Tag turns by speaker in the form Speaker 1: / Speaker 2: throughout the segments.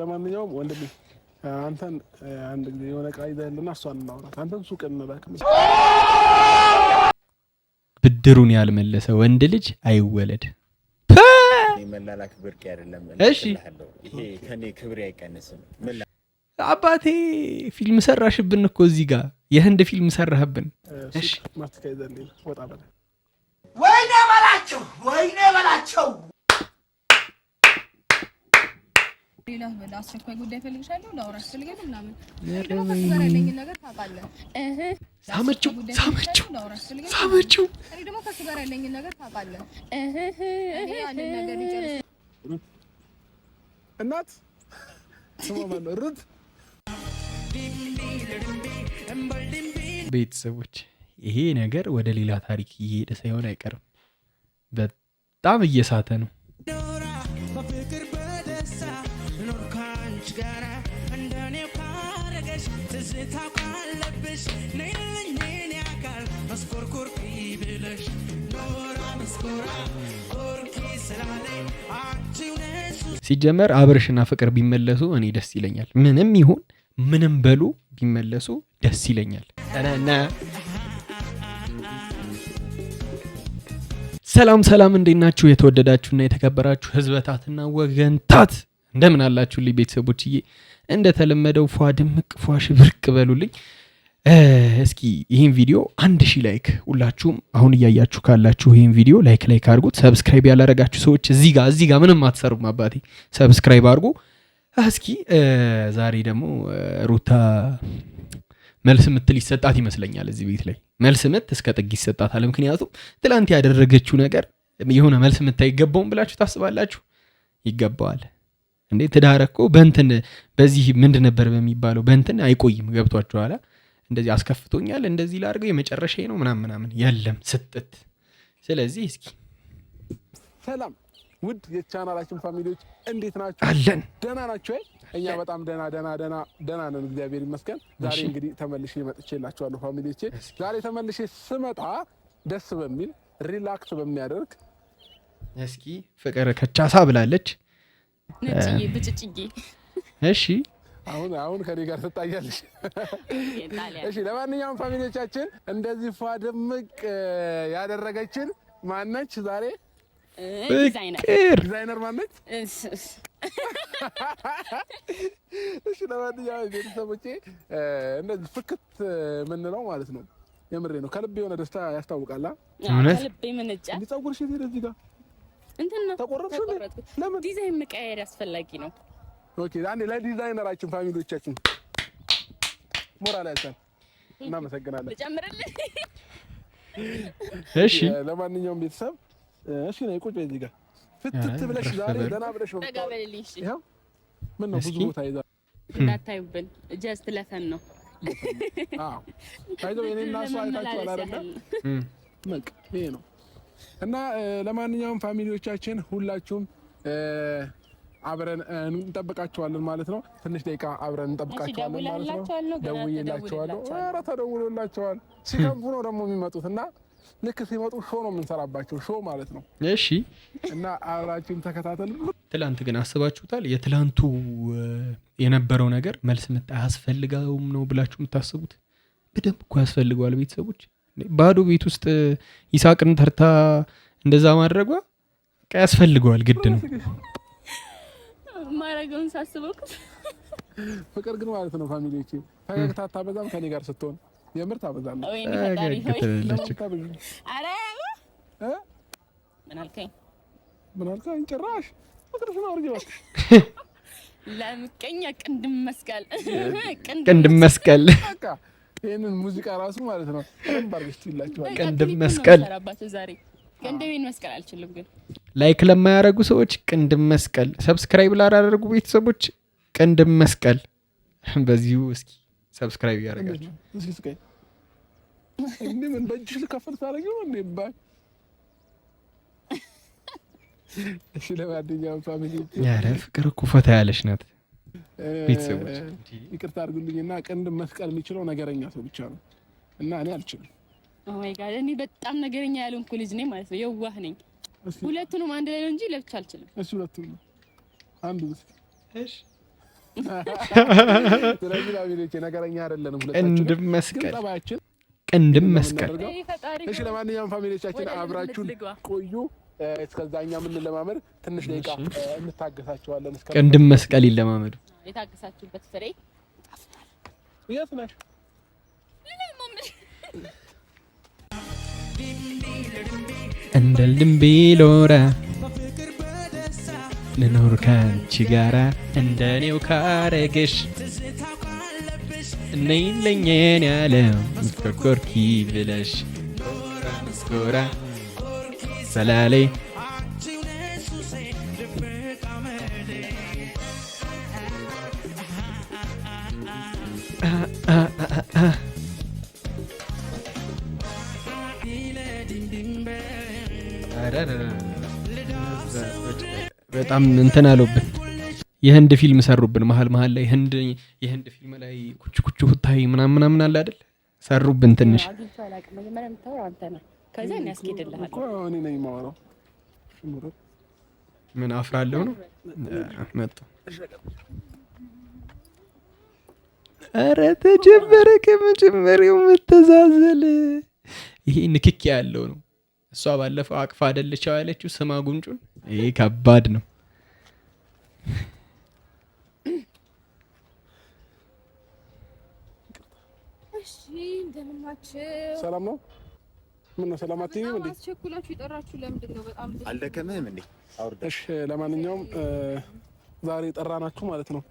Speaker 1: ለማንኛውም ወንድሜ አንተን አንድ ጊዜ የሆነ ዕቃ ይዘህልና እሷን እናውራት። አንተን ሱቅ እንላክ።
Speaker 2: ብድሩን ያልመለሰ ወንድ ልጅ አይወለድ።
Speaker 3: መላላክ ብርቅ አይደለም። እሺ ይሄ ከኔ ክብሬ አይቀንስም።
Speaker 2: አባቴ ፊልም ሰራሽብን እኮ እዚህ ጋር የህንድ ፊልም ሰራህብን።
Speaker 1: እሺ ማስከይዘልኝ ወጣ በላ
Speaker 4: ወይኔ በላቸው፣ ወይኔ በላቸው
Speaker 5: ሌላ አስቸኳይ ጉዳይ ፈልግሻለሁ፣ ላውራሽ ፈልገን ምናምን
Speaker 2: ያለኝን ነገር ታውቃለህ። ሳመችው ሳመችው ሳመችው። እኔ ደግሞ ከሱ ጋር ያለኝን ነገር ታውቃለህ።
Speaker 1: እናት ሩት
Speaker 2: ቤተሰቦች፣ ይሄ ነገር ወደ ሌላ ታሪክ እየሄደ ሳይሆን አይቀርም። በጣም እየሳተ ነው። ጋራ እንደኔ ካረገሽ ትዝታ ካለብሽ ነይልኝ የኔ አካል መስኮርኮር ብለሽ ኖራ መስኮራ ኮርኪ ስላለኝ አንቺው ነሽ። ሲጀመር አብርሽና ፍቅር ቢመለሱ እኔ ደስ ይለኛል። ምንም ይሁን ምንም በሉ ቢመለሱ ደስ ይለኛል። ሰላም ሰላም፣ እንዴት ናችሁ? የተወደዳችሁና የተከበራችሁ ህዝበታትና ወገንታት እንደምን አላችሁልኝ ቤተሰቦችዬ? እንደተለመደው ፏ ድምቅ ፏ ሽብርቅ በሉልኝ። እስኪ ይህን ቪዲዮ አንድ ሺህ ላይክ ሁላችሁም አሁን እያያችሁ ካላችሁ ይህን ቪዲዮ ላይክ ላይክ አድርጉት። ሰብስክራይብ ያላረጋችሁ ሰዎች እዚህ ጋር እዚህ ጋር ምንም አትሰሩም። አባቴ ሰብስክራይብ አድርጉ። እስኪ ዛሬ ደግሞ ሩታ መልስ ምት ሊሰጣት ይመስለኛል። እዚህ ቤት ላይ መልስ ምት እስከ ጥግ ይሰጣታል። ምክንያቱም ትላንት ያደረገችው ነገር የሆነ መልስ ምት አይገባውም ብላችሁ ታስባላችሁ? ይገባዋል። እንዴ ትዳር እኮ በእንትን በዚህ ምንድን ነበር በሚባለው በእንትን አይቆይም። ገብቷቸው ኋላ እንደዚህ አስከፍቶኛል፣ እንደዚህ ላርገው የመጨረሻ ነው ምናምን ምናምን የለም ስጥት። ስለዚህ እስኪ
Speaker 1: ሰላም ውድ የቻናላችን ፋሚሊዎች እንዴት ናቸው? አለን ደና ናቸው። እኛ በጣም ደና ደና ደና ደና ነን፣ እግዚአብሔር ይመስገን። ዛሬ እንግዲህ ተመልሼ መጥቼላችኋለሁ ፋሚሊዎቼ። ዛሬ ተመልሼ ስመጣ ደስ በሚል ሪላክስ በሚያደርግ
Speaker 2: እስኪ ፍቅር ከቻሳ ብላለች
Speaker 5: ነጭዬ
Speaker 2: እሺ
Speaker 1: አሁን አሁን ከኔ ጋር ትታያለሽ። እሺ ለማንኛውም ፋሚሊዎቻችን እንደዚህ ፏ ድምቅ ያደረገችን ማነች ዛሬ? ዲዛይነር ዲዛይነር ማነች? እሺ ለማንኛውም ቤተሰቦቼ እንደዚህ ፍክት የምንለው ማለት ነው። የምሬ ነው ከልብ የሆነ ደስታ ያስታውቃል።
Speaker 2: ከልብ
Speaker 5: ምንጫ
Speaker 1: ጸጉር ሄደ እዚህ ጋር
Speaker 5: እንትን ነው ዲዛይን መቀያየር አስፈላጊ ነው?
Speaker 1: ኦኬ አንዴ ለዲዛይነራችን ፋሚሊዎቻችን ሞራል ያልቻል እናመሰግናለን።
Speaker 5: ልጨምርልህ።
Speaker 2: እሺ
Speaker 1: ለማንኛውም ቤተሰብ እሺ ነው ቁጭ በዚህ ጋር ፍትት ብለሽ ዛሬ ደህና ብለሽ
Speaker 5: ነው ተጋበልልኝ። እሺ
Speaker 1: ምን ነው ብዙ ቦታ ይዛ
Speaker 5: እንዳታዩብን ጀስት ለፈን ነው።
Speaker 1: አዎ ታይዞ የኔ እና እሷ አይታችኋል አይደል? በቃ ይሄ ነው እና ለማንኛውም ፋሚሊዎቻችን ሁላችሁም አብረን እንጠብቃቸዋለን ማለት ነው። ትንሽ ደቂቃ አብረን እንጠብቃቸዋለን ማለት ነው። ደውዬላቸዋለሁ። ኧረ ተደውሎላቸዋል። ሲከንፉ ነው ደግሞ የሚመጡት እና ልክ ሲመጡ ሾ ነው የምንሰራባቸው፣ ሾ ማለት ነው። እሺ። እና አብራችሁን ተከታተሉ።
Speaker 2: ትላንት ግን አስባችሁታል? የትላንቱ የነበረው ነገር መልስ አያስፈልገውም ነው ብላችሁ የምታስቡት? በደንብ እኮ ያስፈልገዋል ቤተሰቦች ባዶ ቤት ውስጥ ይሳቅን ተርታ እንደዛ ማድረጓ ያስፈልገዋል፣ ግድ ነው
Speaker 5: ማረገውን ሳስበው።
Speaker 1: ፍቅር ግን ማለት ነው ፋሚሊዎቼ፣ ፈገግታ አታበዛም ከኔ ጋር ስትሆን የምር ታበዛለች። ምን ጭራሽ ፍቅርሽን አውርጅ እባክሽ።
Speaker 5: ለምቀኛ ቅንድም መስቀል፣
Speaker 2: ቅንድም መስቀል
Speaker 1: ይህንን ሙዚቃ ራሱ ማለት ነው ባርገችላቸዋል።
Speaker 2: ቅንድብ መስቀል ላይክ ለማያደረጉ ሰዎች ቅንድብ መስቀል፣ ሰብስክራይብ ላላደረጉ ቤተሰቦች ቅንድብ መስቀል። በዚሁ እስኪ ሰብስክራይብ እያደረጋችሁ ምን በእጅሽ ፍቅር እኮ ፈታ ያለች ናት። ቤተሰቦች
Speaker 1: ይቅርታ አድርጉልኝና መስቀል የሚችለው ነገረኛ ሰው ብቻ ነው እና እኔ አልችልም።
Speaker 5: ጋድ እኔ በጣም ነገረኛ ያልሆንኩ ልጅ ነኝ ማለት ነው። የዋህ ነኝ። ሁለቱንም አንድ ላይ ነው እንጂ ለብቻ አልችልም።
Speaker 1: እሺ፣ እሺ፣ መስቀል መስቀል። እሺ፣ ለማንኛውም ፋሚሊዎቻችን አብራችሁን ቆዩ። እስከዛኛ የምንለማመድ ትንሽ ደቂቃ
Speaker 2: እንታገሳቸዋለን። እስከ ቅንድም መስቀል ይለማመዱ።
Speaker 5: የታገሳችሁበት ፍሬ
Speaker 1: የት ነሽ?
Speaker 2: እንደ ልምቤ ሎራ ልኖር ካንቺ ጋራ እንደ ኔው ካረገሽ እነይለኝን ያለው ስኮርኪ ብለሽ ራ ሰለሌ በጣም እንትን አለብን። የህንድ ፊልም ሰሩብን። መሀል መሀል ላይ ህንድ የህንድ ፊልም ላይ ኩች ኩች ሁታይ ምናምን ምናምን አለ አይደል? ሰሩብን ትንሽ
Speaker 5: ከዛ እኔ አስኬድልሃል
Speaker 1: እኔ ነኝ የማወራው።
Speaker 2: ምን አፍራለሁ ነው መጣ። ኧረ ተጀመረ ከመጀመሪያው መተዛዘል። ይሄ ንክኪ ያለው ነው። እሷ ባለፈው አቅፋ አይደለቻው ያለችው ስማ ጉንጩን። ይሄ ከባድ ነው።
Speaker 1: ሰላም ነው ምን ሰላማት አትይም እንዴ? አስቸኩላችሁ የጠራችሁ
Speaker 3: ለምንድን ነው? በጣም አልደከምህም እንዴ?
Speaker 1: አውርደ እሺ፣ ለማንኛውም ዛሬ ጠራናችሁ ማለት ነው።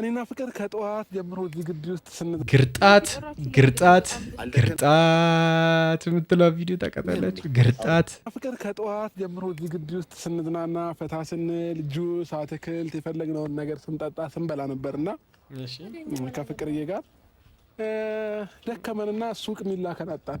Speaker 1: እኔና ፍቅር ከጠዋት ጀምሮ እዚህ ግቢ ውስጥ ስን
Speaker 2: ግርጣት ግርጣት ግርጣት የምትለው ቪዲዮ ታውቃታላችሁ። ግርጣት ፍቅር ከጠዋት ጀምሮ እዚህ ግቢ ውስጥ ስንዝናና ፈታ ስንል ጁስ፣ አትክልት የፈለግነውን ነገር ስንጠጣ ስንበላ ነበርና እና ከፍቅርዬ ጋር ደከመንና ሱቅ ሚላከን አጣን።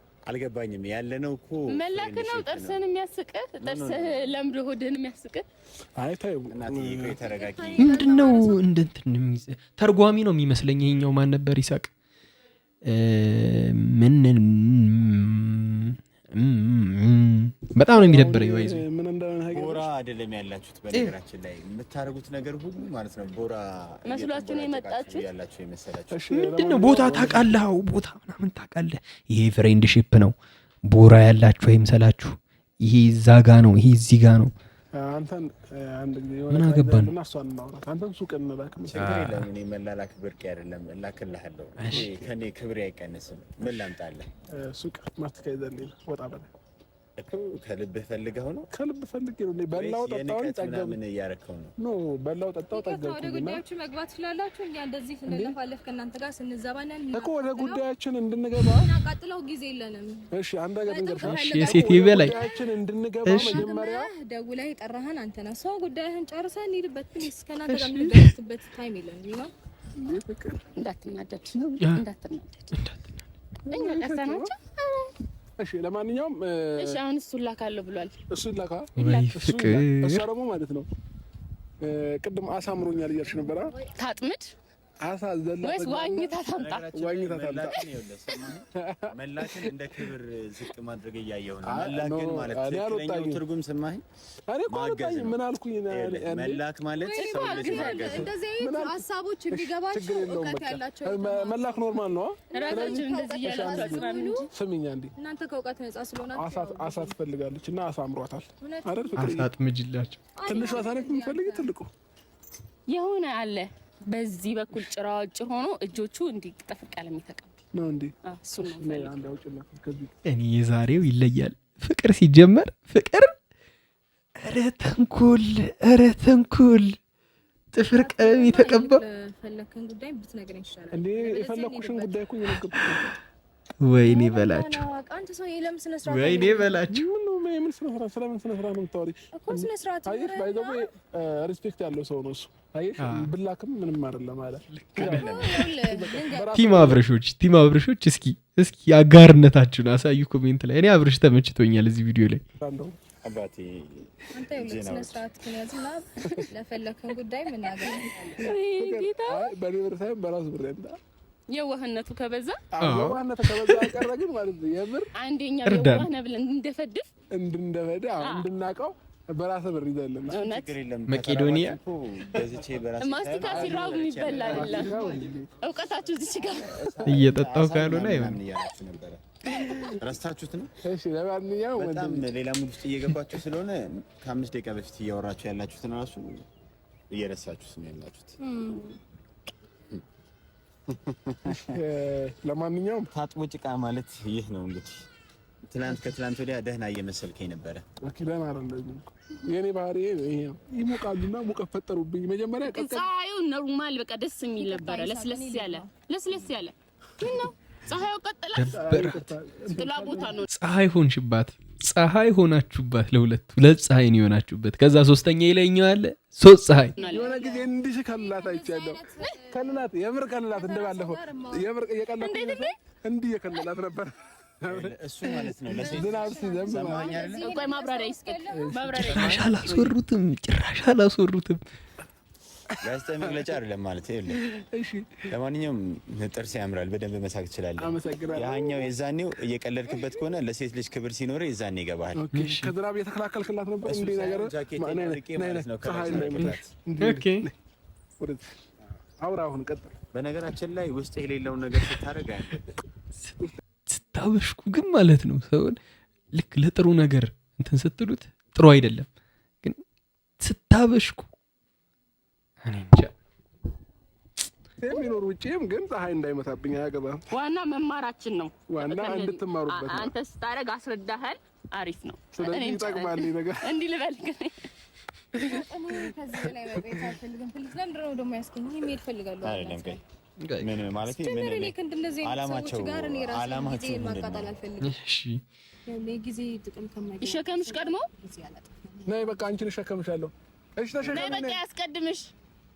Speaker 2: አልገባኝም። ያለነው እኮ መላክ ነው። ጥርስህን የሚያስቅህ ጥርስህ ለምዶ ሆድህን የሚያስቅህ አይታይ። ምንድን ነው እንደ እንትን ተርጓሚ ነው የሚመስለኝ። ይሄኛው ማን ነበር? ይሳቅ ምን በጣም ነው የሚደብረኝ። ወይ ምን እንደሆነ ቦራ አይደለም ያላችሁት። በነገራችን ላይ የምታደርጉት ነገር ሁሉ ማለት ነው ቦራ መስሏችሁ ነው የመጣችሁት ያላችሁ የመሰላችሁ ምንድን ነው? ቦታ ታውቃለህ፣ ቦታ ምናምን ታውቃለህ። ይሄ ፍሬንድሺፕ ነው። ቦራ ያላችሁ አይምሰላችሁ። ይሄ እዛ ጋ ነው፣ ይሄ እዚህ ጋ ነው። ምን አገባን? መላላክ ብርቅ አይደለም፣ እላክልሃለሁ። ከኔ ክብሬ አይቀንስም። ምን ላምጣለህ? ሱቅ ማስተካይዘልኝ ወጣ በላይ እኮ ከልብህ ፈልገህ ነው? ከልብህ ፈልጌ ነው። በላው ጠጣው ጠገብ ምን እያረከው ነው? ኖ በላው ጠጣው ጠገብ ወደ ጉዳያችን መግባት ስላላችሁ እኛ እንደዚህ ስንለፋለፍ ከእናንተ ጋር ስንዘባናል እኮ ወደ ጉዳያችን እንድንገባ እናቃጥለው ጊዜ የለንም። እሺ አንድ ነገር እንገርሻሽ የሴት ይበላይ ጉዳያችን እንድንገባ መጀመሪያ ደውለህ የጠራህን አንተ ነህ። ሰው ጉዳይህን ጨርሰህ እንሂድበት። ፕሊዝ ከእናንተ ጋር የምንገናኝበት ታይም የለንም። ይሆ እንዳትናደድ፣ እንዳትናደድ እኛ ቀርተናቸው እሺ ለማንኛውም እሺ አሁን እሱ ላካለሁ ብሏል። እሱ ላካ እሱ ደግሞ ማለት ነው ቅድም አሳምሮኛል እያልሽ ነበር ታጥምድ አሳ ዘላ ወይስ ዋኝታ ታምጣ ዋኝታ ታምጣ። መላክን እንደ ክብር ዝቅ ማድረግ እያየሁ ነው። መላክን ማለት ትክክለኛው ትርጉም ስማኝ። አሬ ቆጣኝ። ምን አልኩኝ? መላክ ማለት ሰው ልጅ ማገዝ። እንደዚህ አይነት ሀሳቦች የሚገባቸው እውቀት ያላቸው መላክ ኖርማል ነው። ራሳችን እንደዚህ ያላችሁ ስሚኝ እንዴ እናንተ ከእውቀት ነጻ ስለሆናችሁ አሳ አሳ ትፈልጋለች እና አሳ አምሯታል አይደል? ፍቅር አሳ አጥምጂላችሁ። ትንሿ አሳ የምትፈልጊው ትልቁ የሆነ አለ በዚህ በኩል ጭራ ጭራጭ ሆኖ እጆቹ እንዲህ ጠፍር ቀለም የተቀባ ነው። የዛሬው ይለያል። ፍቅር ሲጀመር ፍቅር ኧረ ተንኮል ኧረ ጥፍር ቀለም የተቀባ ወይኔ በላችሁ ወይኔ በላችሁ ምን ስነ ስርዓት ስለምን ስነ ስርዓት ነው የምታወሪኝ? አየሽ ባይዘው ሪስፔክት ያለው ሰው ነው እሱ። አየሽ ብላክም ምንም አይደለም አለ። ቲም አብረሾች ቲም አብረሾች፣ እስኪ እስኪ አጋርነታችሁን አሳዩ ኮሜንት ላይ። እኔ አብረሽ ተመችቶኛል እዚህ ቪዲዮ ላይ አባቴ ስነስርዓት ያዝና ለፈለግከን ጉዳይ ምናገ በኔ ብር ሳይሆን በራሱ ብር የዋህነቱ ከበዛ የዋህነቱ ከበዛ አይቀረ ግን ማለት ነው የምር አንደኛ የዋህ ነህ ብለን እንደፈድፍ እንድንደፈድ እንድናቀው በራሰ ብር ይዘልን መቄዶኒያ ማስቲካ ሲራብ የሚበላ አይደለም። እውቀታችሁ እዚች ጋር እየጠጣው ካልሆነ ይሆን ረስታችሁት ነው። እሺ፣ ለማንኛውም በጣም ሌላ ሙድ ውስጥ እየገባችሁ ስለሆነ ከአምስት ደቂቃ በፊት እያወራችሁ ያላችሁትን ራሱ እየረሳችሁት ነው ያላችሁት። ለማንኛውም ታጥቦ ጭቃ ማለት ይህ ነው እንግዲህ። ትናንት ከትናንት ወዲያ ደህና እየመሰልከኝ ነበረ። ደህና አይደለም። የኔ ባህሪ ይሄ ነው። ይሞቃሉና ሙቀት ፈጠሩብኝ። መጀመሪያ ቀጥታ ፀሐዩ ኖርማል፣ በቃ ደስ የሚል ነበረ። ለስለስ ያለ ለስለስ ያለ ምን ነው ፀሐዩ ቀጥላ ጥላ ቦታ ነው። ፀሐይ ሆንሽባት፣ ፀሐይ ሆናችሁባት፣ ለሁለት ሁለት ፀሐይ የሆናችሁበት። ከዛ ሶስተኛ ይለኛው አለ ሶስት ፀሐይ የሆነ ጊዜ እንዲህ ከልላት አይቻለሁ። ከልላት የምር ከልላት እንደባለፈው የምር እየቀላት እንዲህ እየከለላት ነበር። እሱ ማለት ነው ቆይ ማብራሪያ ይስጥ። ጭራሽ አላስወሩትም፣ ጭራሽ አላስወሩትም። ለስተ መግለጫ አይደለም ማለት ይሄ። እሺ፣ ለማንኛውም ጥርስ ያምራል፣ በደንብ መሳቅ ትችላለህ። አመሰግናለሁ። ያኛው የዛኔው እየቀለድክበት ከሆነ ለሴት ልጅ ክብር ሲኖር የዛኔ ይገባል። ኦኬ፣ ከዝናብ የተከላከልክላት ነበር እንዴ? ነገር ማለት ነው። አውራ አሁን ቀጥል። በነገራችን ላይ ውስጥ የሌለውን ነገር ስታደርግ ስታበሽኩ ግን ማለት ነው ሰውን ልክ ለጥሩ ነገር እንትን ስትሉት ጥሩ አይደለም ግን ስታበሽኩ የሚኖር ውጭም ግን ፀሐይ እንዳይመታብኝ አያገባም። ዋና መማራችን ነው። ዋና እንድትማሩበት አንተ ስታደርግ አስረዳህን። አሪፍ ነው። ስለዚህ ይጠቅማል እንዲህ ልበል ግን ሸከምሽ ቀድሞ ነይ፣ በቃ አንቺን እሸከምሻለሁ። እሺ በቃ ያስቀድምሽ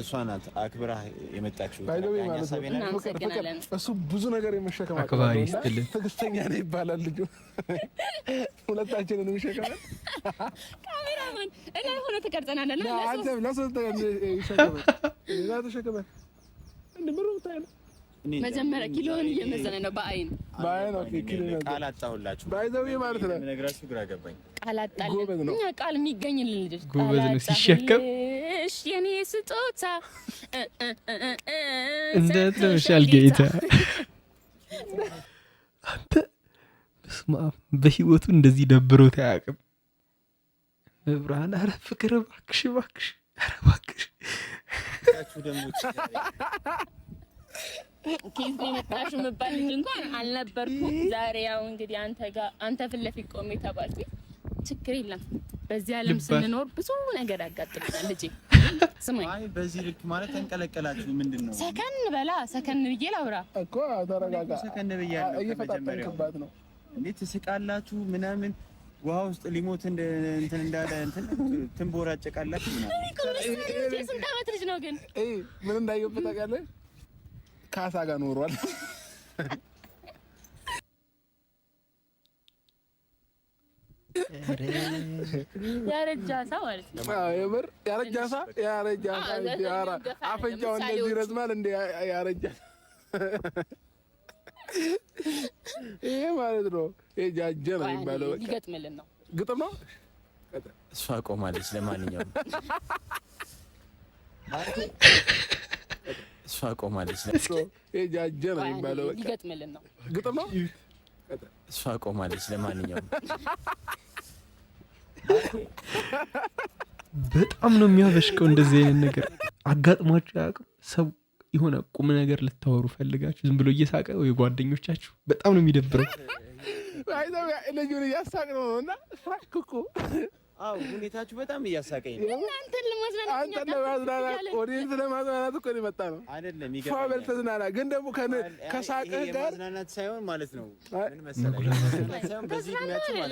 Speaker 2: እሷ ናት አክብራ የመጣችው። እሱ ብዙ ነገር የመሸከም አክባሪ ስትልን ትዕግስተኛ ነው ይባላል። ልጁ ሁለታችንን ይሸከማል። ካሜራማን እና ሆነ ተቀርጸናል። መጀመሪያ ኪሎን እየመዘነ ነው። በአይን በአይን ኦኬ። ኪሎ ቃል አጣሁላችሁ። ባይዘውዬ ማለት ነው ነግራችሁ ግራ ገባኝ። ቃል አጣልን እኛ ቃል የሚገኝልን ልጆች ጎበዝ ነው ሲሸከም። እሺ የኔ ስጦታ እንዴት ነው ጌታ አንተ ስማ፣ በህይወቱ እንደዚህ ደብሮት አያውቅም። መብርሃን አረ ፍቅር እባክሽ እባክሽ፣ አረ እባክሽ ኬዝ የመጣሽ የምባል ልጅ እንኳን አልነበርኩም። ዛሬ ያው እንግዲህ አንተ ጋር አንተ ፊት ለፊት ቆሜ ተባልኩኝ። ችግር የለም በዚህ ዓለም ስንኖር ብዙ ነገር ያጋጥመናል። ልጄ ስማኝ፣ በዚህ ልክ ማለት ተንቀለቀላችሁ። ምንድን ነው ሰከን በላ ሰከን ብዬ ላውራ እኮ ተረጋጋ። ሰከን ብያለሁ። እየፈጣጠንክባት ነው እንዴ? ትስቃላችሁ ምናምን ውሃ ውስጥ ሊሞት እንደ እንትን እንዳለ እንትን ትንቦራጨቃላችሁ ምናምን። ስንት ዓመት ልጅ ነው ግን ምን እንዳየሁበት ታውቃለህ? ካሳ ጋር ኖሯል። ያረጃ ሳ ማለት ነው። ያረጃ ሳ ያረጃ አሳ አፍንጫው እንደዚህ ይረዝማል። እንደ ያረጃ ይሄ ማለት ነው። ጃጀ ነው የሚባለው። በቃ ይገጥምልን ነው ግጥም ነው። እሷ ቆማለች። ለማንኛውም ቆማለች። ጃጀር የሚባለው ሊገጥምልን ነው ግጥም ነው። እሷ ቆማለች። ለማንኛውም በጣም ነው የሚያበሽቀው እንደዚህ አይነት ነገር አጋጥሟቸው አያውቅም። ሰው የሆነ ቁም ነገር ልታወሩ ፈልጋችሁ ዝም ብሎ እየሳቀ ወይ ጓደኞቻችሁ፣ በጣም ነው የሚደብረው። ልጁን እያሳቅ ነው እና ሳቅ እኮ አዎ ሁኔታችሁ በጣም እያሳቀኝ ነው። እናንተን ለማዝናናት አንተን ለማዝናናት ኦዲየንስ ለማዝናናት እኮ የመጣ ነው አይደለም። ይገርማል። ተዝናና ግን ደግሞ ከሳቅህ ጋር ማዝናናት ሳይሆን ማለት ነው ምን መሰለህ፣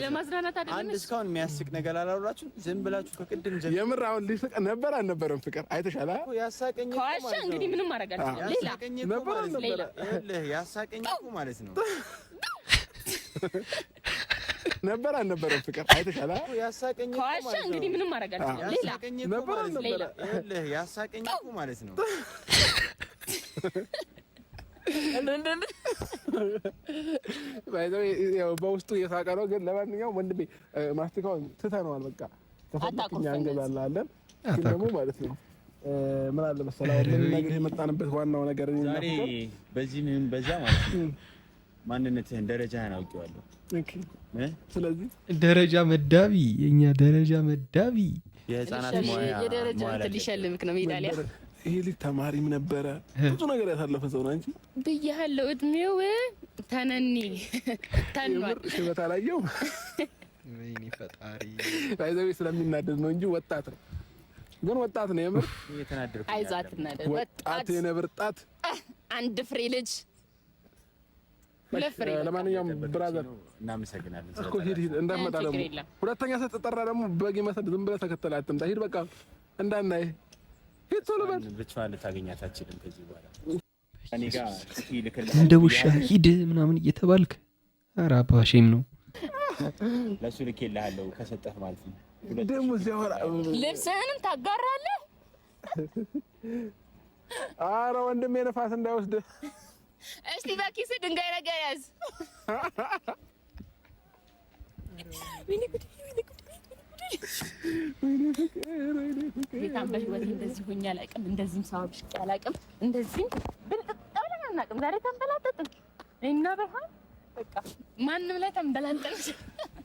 Speaker 2: ለማዝናናት አይደለም። አንድ እስካሁን የሚያስቅ ነገር አላወራችሁ ዝም ብላችሁ ከቅድም ጀምሮ የምር አሁን ሊስቅ ነበር አልነበረም? ፍቅር አይተሻል። ያሳቀኝ እኮ ማለት ነው እንግዲህ ምንም ማድረግ ሌላ ነበር ነበር ያሳቀኝ እኮ ማለት ነው ነበር አልነበረም? ፍቅር አይተሻል። ያሳቀኝ እንግዲህ ምንም ማድረግ ማለት ነው በውስጡ እየሳቀ ነው። ግን ለማንኛውም ወንድሜ ማስቲካውን ትተነዋል። በቃ ተፈኛ እንገዛላለን። ግን ደግሞ ማለት ነው ምን አለ መሰለህ ነገር የመጣንበት ዋናው ነገር በዚህ በዛ ማለት ነው ማንነትህን ደረጃ አውቄዋለሁ። ስለዚህ ደረጃ መዳቢ የእኛ ደረጃ መዳቢ የህፃናት የደረጃ ሊሸልምክ ነው ሜዳሊያ ይሄ ልጅ ተማሪም ነበረ፣ ብዙ ነገር ያሳለፈ ሰው ነው። አንቺ ብያለሁ፣ እድሜው ተነኒ ተኗል። ሽበት አላየው ፈጣሪ ይዘቤ ስለሚናደድ ነው እንጂ ወጣት ነው። ግን ወጣት ነው የምር ወጣት የነብር ጣት አንድ ፍሬ ልጅ ለማንኛውም ብራዘር እናመሰግናለን እኮ ሂድ ሂድ፣ እንዳትመጣ ደግሞ ሁለተኛ ስትጠራ ደግሞ በግ መሰል ዝም ብለህ ተከተል አትምጣ። ሂድ በቃ እንዳናይ ሂድ፣ ቶሎ በል። ብቻዋን ልታገኛት ከዚህ በኋላ እንደ ውሻ ሂድ ምናምን እየተባልክ ኧረ ነው። ለእሱ ከሰጠህ ማለት ነው። ደግሞ ልብስህንም ታጋራለህ። ኧረ ወንድሜ ነፋስ እንዳይወስድ እስቲ በኪስ ድንጋይ ነገር ያዝ። በህይወቴ እንደዚህ ሆኜ አላውቅም። እንደዚህም ሰው አላውቅም። እንደዚህ ብልጥ ብለን አናውቅም። ዛሬ ተንበላጠጥን እና በቃ ማንም ላይ ተንበላጠን